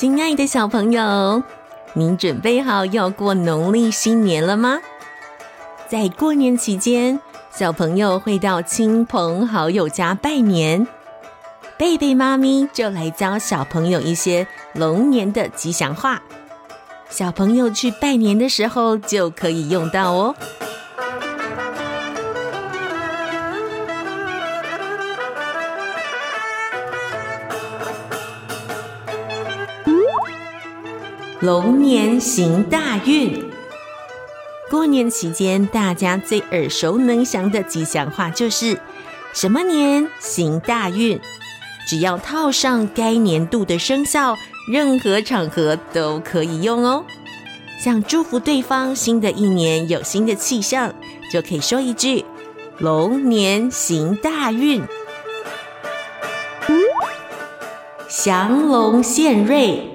親愛的小朋友，您準備好要過農曆新年了嗎？在過年期間，小朋友會到親朋好友家拜年。貝貝媽咪就來教小朋友一些龍年的吉祥話，小朋友去拜年的時候就可以用到哦。龍年行大運，過年期間大家最耳熟能詳的吉祥話就是“什麼年行大運”，只要套上該年度的生肖，任何場合都可以用哦。想祝福對方新的一年有新的氣象，就可以說一句“龍年行大運，祥龍獻瑞”。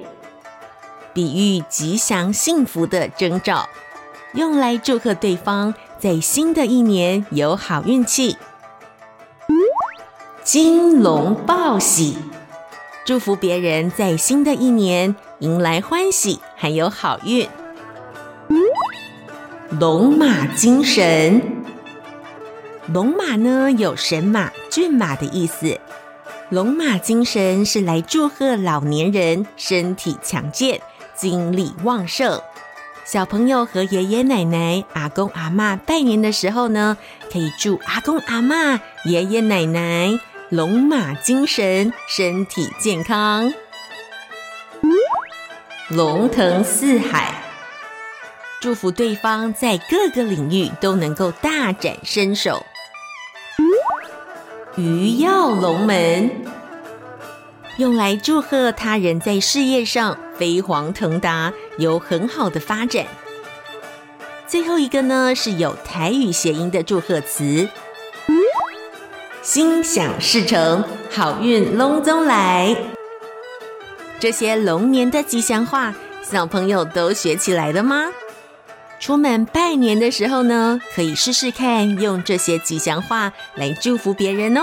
比喻吉祥幸福的徵兆，用來祝賀對方在新的一年有好運氣。金龍報喜，祝福別人在新的一年迎來歡喜還有好運。龍馬精神，龍馬呢有神馬、駿馬的意思。龍馬精神是來祝賀老年人身體強健。精力旺盛。小朋友和爺爺奶奶、阿公阿嬤拜年的時候呢，可以祝阿公阿嬤、爺爺奶奶龍馬精神，身體健康。龍騰四海，祝福對方在各個領域都能夠大展身手。魚躍龍門，用來祝賀他人在事業上飛黃騰達，有很好的發展。最後一個呢是有台語諧音的祝賀詞，心想事成，好運龍總來。這些龍年的吉祥話，小朋友都學起來了嗎？出門拜年的時候呢，可以試試看用這些吉祥話來祝福別人哦。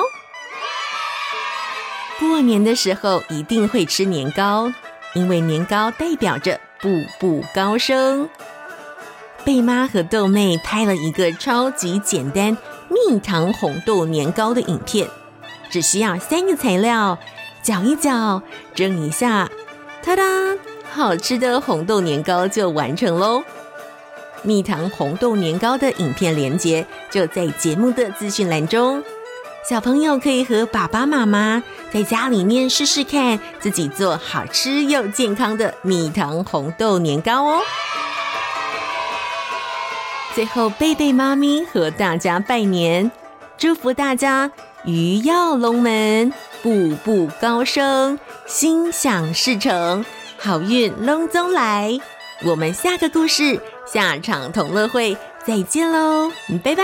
過年的時候一定會吃年糕，因為年糕代表着步步高升。貝媽和豆妹拍了一個超級簡單蜜糖紅豆年糕的影片，只需要三個材料，攪一攪，蒸一下，噠噠，好吃的紅豆年糕就完成嘍。蜜糖紅豆年糕的影片連結就在節目的資訊欄中，小朋友可以和爸爸媽媽。在家裡面試試看，自己做好吃又健康的蜜糖紅豆年糕哦。最後，貝貝媽咪和大家拜年，祝福大家魚躍龍門，步步高升，心想事成，好運龍總來。我們下個故事，下場同樂會再見嘍，拜拜。